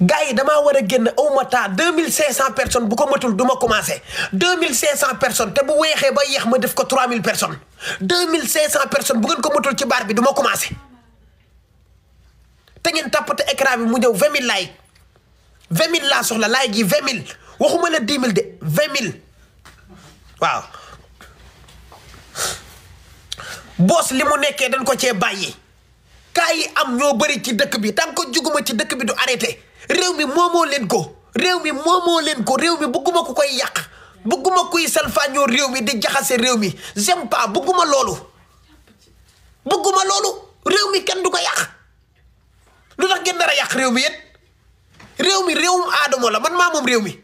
gars yi damaa war a génn aw ma taa deux mille cinq cent personnes bu ko matul du ma commencé deux mille cinq cent personnes te bu weexee ba yeex ma def ko trois mille personnes mille cinq cent personnes bu ngeen ko matul ci baar bi du ma te ngeen tàppate écran bi mu ñëw vingt mille like vingt mille laa soxla laa yi vingt mille waxuma la dix mille de vingt mille waaw boos li mu nekkee dañ ko cee bàyyi kaa yi am ñoo bëri ci dëkk bi tant ko juguma ci dëkk bi du arrêté réew mi moomoo leen ko réew mi moomoo leen ko réew mi bugguma ku koy yàq bugguma kuy salfaañoo réew mi di jaxase réew mi j'aime pas bugguma loolu bugguma loolu réew mi kenn du ko yàq lu tax ngeen dara yàq réew mi yéen réew mi réewum aadama la man maa moom réew mi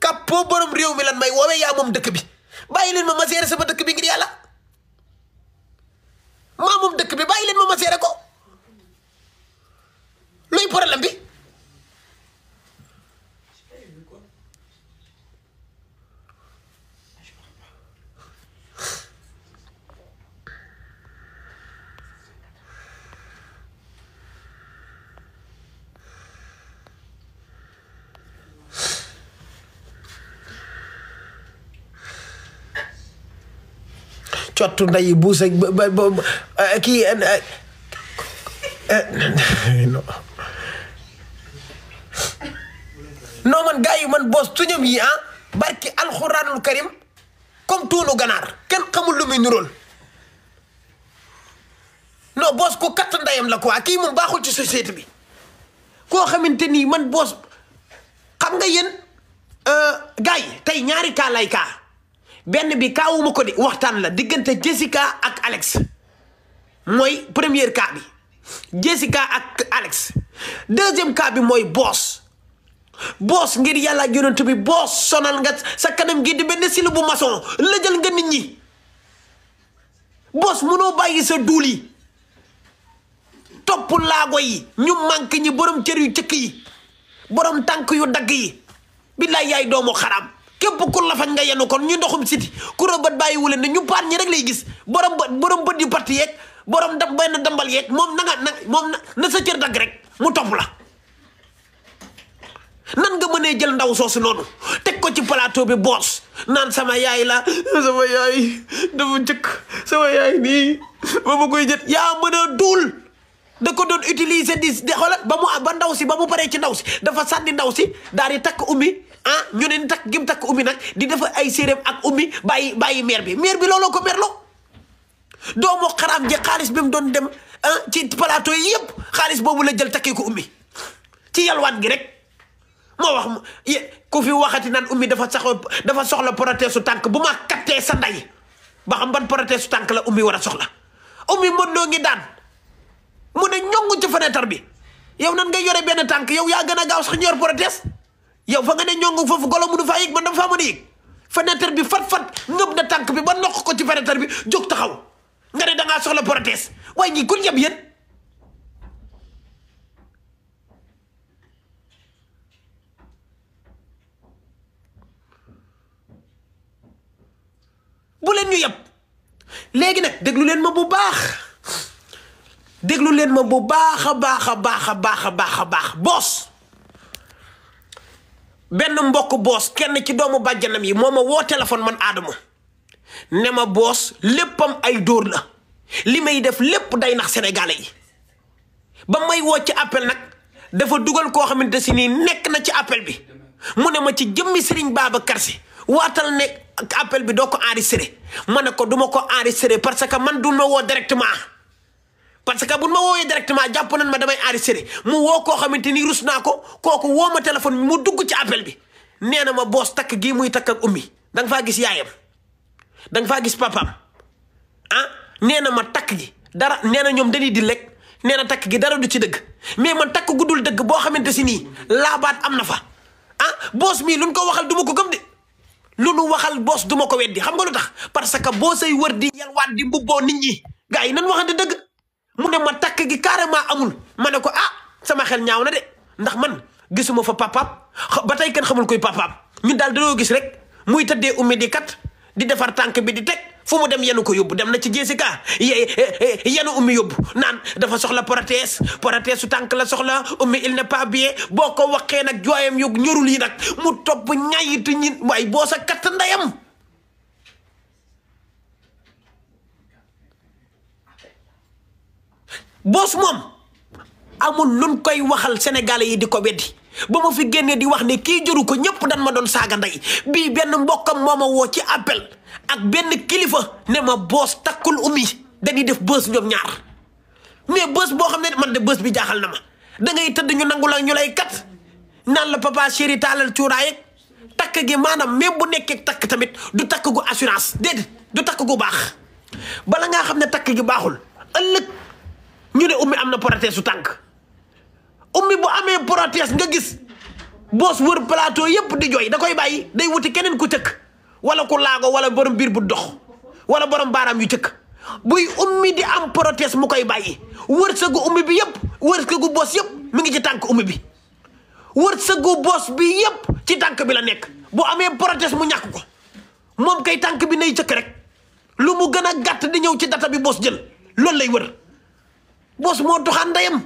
kàppoo borom réew mi lan may woowee yaa moom dëkk bi bàyyi leen ma ma seere ba dëkk bi ngir yàlla maa moom dëkk bi bàyyi leen ma ma seere ko luy problème bi cottu nday buus ak ba ba eh, kii. Eh, eh, non man gars yi man boos tuñam yi ah barki alxuraanul karim comme tuunu ganaar kenn xamul lu muy nuróol non boos ku katt ndayam la quoi kii moom baaxul ci société bi koo xamante nii man boos xam nga yéen euh, gars yi tey ñaari kaa lay kaa benn bi kaawuma ko di waxtaan la diggante Jessica ak Alex mooy premier cas bi Jessica ak Alex deuxième cas bi mooy boos boos ngir yàlla yonent bi boos sonal nga sa kanam gi di benn silu bu maçon lëjal nga nit ñi boos mënoo bàyyi sa duul yi topp laago yi ñu manqué ñi borom cër yu jëkk yi borom tànk yu dagg yi billaay yaay doomu xaram képp ku lafañ nga yenu kon ñu ndoxum siti ku rëbët bàyyiwuleen ne ñu baat ñi rek lay gis borom bë borom bët yu parti yeeg borom dam benn dambal yeeg moom na nga na moom na sa cër dagg rek mu topp la nga mënee jël ndaw soosu noonu teg ko ci plateau bi boos naan sama yaay la sama yaay dafa jëkk sama yaay nii ba ma koy jët yaa mën a duul da ko doon utiliser di di xoolal ba mu ba ndaw si ba mu paree ci ndaw si dafa sànni ndaw si daal di takk ummi ah ñu ne takk gim takk ummi nag di def ay séeréem ak ummi bàyyi bàyyi meer bi meer bi looloo ko merloo doomu xaraam ji xaalis bi mu doon dem ah ci plateau yi yëpp xaalis boobu la jël takkee ko ummi ci yalwaan gi rek moo wax ku fi waxati naan ummi dafa sax dafa soxla prothèse su tànk bu ma kattee sa ndey ba xam ban prothèse su tànk la ummi war a soxla ummi mën loo ngi daan mu ne ñongu ci fenêtre bi yow nan ngay yore benn tànk yow yaa gën a gaaw sax ñor yow fa nga ne ñongu foofu golo mënu faa yëg man dama faa a yëg fenêtre bi fat-fat ngëb na tànk bi ba noq ko ci fenêtre bi jóg taxaw nga ne da ngaa soxla prothèse waaye ñi kun yab yéen bu leen ñu yab léegi nag déglu leen ma bu baax déglu leen ma bu baax a baax a baax a baax a baax a baax boos benn mbokk boos kenn ci doomu bàjjanam yi moo ma woo téléphone man Adama ne ma boos léppam ay dóor la li may def lépp day nax sénégalais yi ba may woo ci appel nag dafa dugal koo xamante si nii nekk na ci appel bi mu ne ma ci jëmmi Serigne Babacar Sy waatal ne appel bi doo ko enregistré ma ne ko duma ma ko enregistré parce que man du ma woo directement parce que bu nu ma woowee directement jàpp nañ ma damay enregistré mu woo koo xamante ni rus naa ko kooku woo ma téléphone bi mu dugg ci appel bi nee na ma boos takk gii muy takk ak ummi da nga faa gis yaayam da nga faa gis papaam ah nee na ma takk gi dara nee na ñoom dañuy di lekk nee na takk gi dara du ci dëgg mais man takk guddul dëgg boo xamante si nii laabaat am na fa ah boos mii lu luñ ko waxal duma ko gëm de lu nu waxal boos duma ko weddi xam nga lu tax parce que boo say wër di yalwaat di mbubboo nit ñi gars yi nan waxante dëgg. mu ne ma takk gi carrément amul ma ne ko ah sama xel ñaaw na de ndax man gisuma fa papaam ba tey kenn xamul koy papaam ñu daal dañoo gis rek muy tëddee ummi di kat di defar tànk bi di teg fu mu dem yenu ko yóbbu dem na ci Jessica yenu ummi yóbbu naan dafa soxla prothèse prothèse su tànk la soxla ummi il n'est pas boo ko waxee nag jooyam yu ñorul yi nag mu topp ñayitu ñi waaye boo sa katt ndeyam boos moom amul luñ koy waxal sénégalais yi di ko weddi ba ma fi génnee di wax ne kii juru ko ñëpp dan ma doon saaga ndey bii benn mbokkam moo ma woo ci appel ak benn kilifa ne ma boos takkul ummi dañuy def bës ñoom ñaar mais bës boo xam ne man de bës bi jaaxal na ma da ngay tëdd ñu nangu la ñu lay kat naan la papa chéri taalal cuuraay takk gi maanaam même bu nekkee takk tamit du takk gu assurance déedéet du takk gu baax bala nga xam ne takk gi baaxul ëllëg. ñu ne ummi am na prothèse su tànk ummi bu amee prothèse nga gis boos wër plateau yépp di jooy da koy bàyyi day wuti keneen ku cëkk wala ku laago wala borom biir bu dox wala borom baaraam yu cëkk buy ummi di am prothèse mu koy bàyyi wërsëgu ummi bi yépp wërsëgu boos yépp mu ngi ci tànk ummi bi wërsëgu boos bi yépp ci tànk bi la nekk bu amee prothèse mu ñàkk ko moom kay tànk bi nay cëkk rek lu mu gën a gàtt di ñëw ci data bi boos jël loolu lay wër bos moo doxaan ndeyam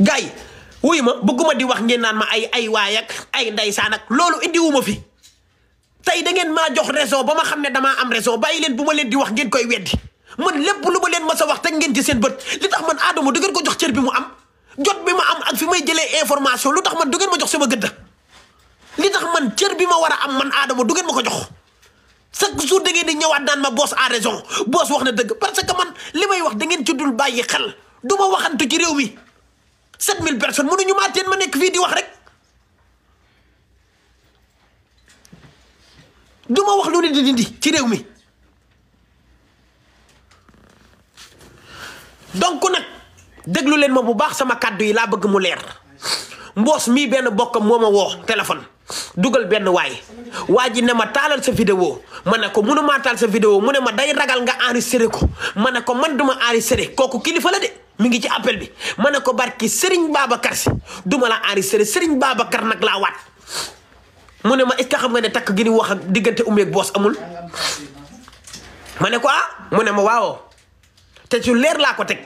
gars yi wuyu ma bëgguma di wax ngeen naan ma ay ay waay ak ay ndeysaan ak loolu indiwuma fi tey da ngeen maa jox raison ba ma xam ne damaa am raison bàyyi leen bu ma leen di wax ngeen koy weddi man lépp lu ma leen ma a wax teg ngeen ci seen bët li tax man Adamo du ngeen ko jox cër bi mu am jot bi ma am ak fi may jëlee information lu tax man du ngeen ma jox sama gëdd. li tax man cër bi ma war a am man aadama du ngeen ma ko jox chaque jour da ngeen di ñëwaat daan ma boos à raison boos wax na dëgg parce que man li may wax da ngeen ci dul bàyyi xel du ma waxantu ci réew mi 7000 personnes mënuñu maa teen ma nekk fii di wax rek du wax lu ne di dindi ci réew mi donc nag déglu leen ma bu baax sama kàddu yi laa bëgg mu leer mboos mii benn bokk moo ma woo téléphone dugal benn waay waa ji ne ma taalal sa vidéo ma ne ko mënumaa taal sa vidéo mu ne ma day ragal nga enregistré ko ma ne ko man duma enregistré kooku kilifa la de mu ngi ci appel bi ma ne ko barki Serigne Babacar si duma la enregistré Serigne Babacar nag laa waat mu ne ma est-ce xam nga ne takk gi ni wax ak diggante umeeg boos amul ma ne ko ah mu ne ma waawo te su leer laa ko teg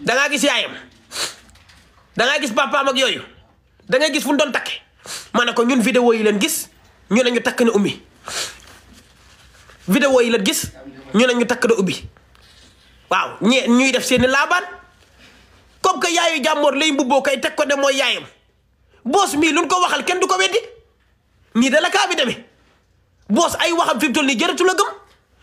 dangaa gis yaayam dangaa gis papaam yooyu dangay gis fu mu doon takke ma ne ko ñun vidéo yi leen gis ñu ne ñu takk na ummi video yi leen gis ñu ne ñu takk na ubbi waaw ñee ñuy def seeni laabaan comme que yaayu jàmmoor lay mbubboo kay teg ko de mooy yaayam boos mii luñ ko waxal kenn du ko weddi nii da la kaa bi demee boos ay waxam fi mu jër nii jërëtu gëm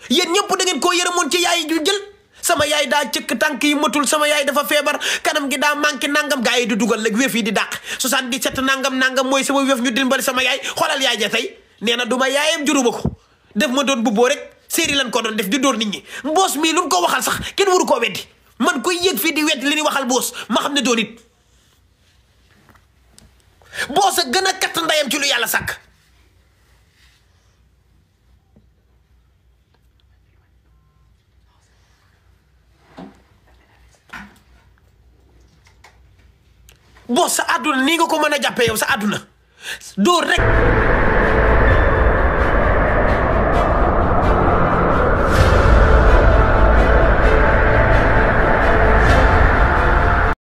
yéen ñëpp da ngeen koo yërëmoon ci yaay ju jël sama yaay daa cëkk tànk yi matul sama yaay dafa feebar kanam gi daa manqué nangam gaa yi di dugal léegi wéef yi di dàq 77 nangam nangam mooy sama wéef ñu dimbali sama yaay xoolal yaay ja tey nee na duma ma yaayam juruma ko def ma doon bubboo rek séeri lan ko doon def di dóor nit ñi mboos mii lu mu ko waxal sax kenn waru koo weddi man koy yëg fii di weddi li ñuy waxal mboos ma xam ne doon it mboos a gën a katt ndayam ci lu yàlla sàkk boo sa àdduna nii nga ko mën a jàppee yow sa àdduna dóor rek.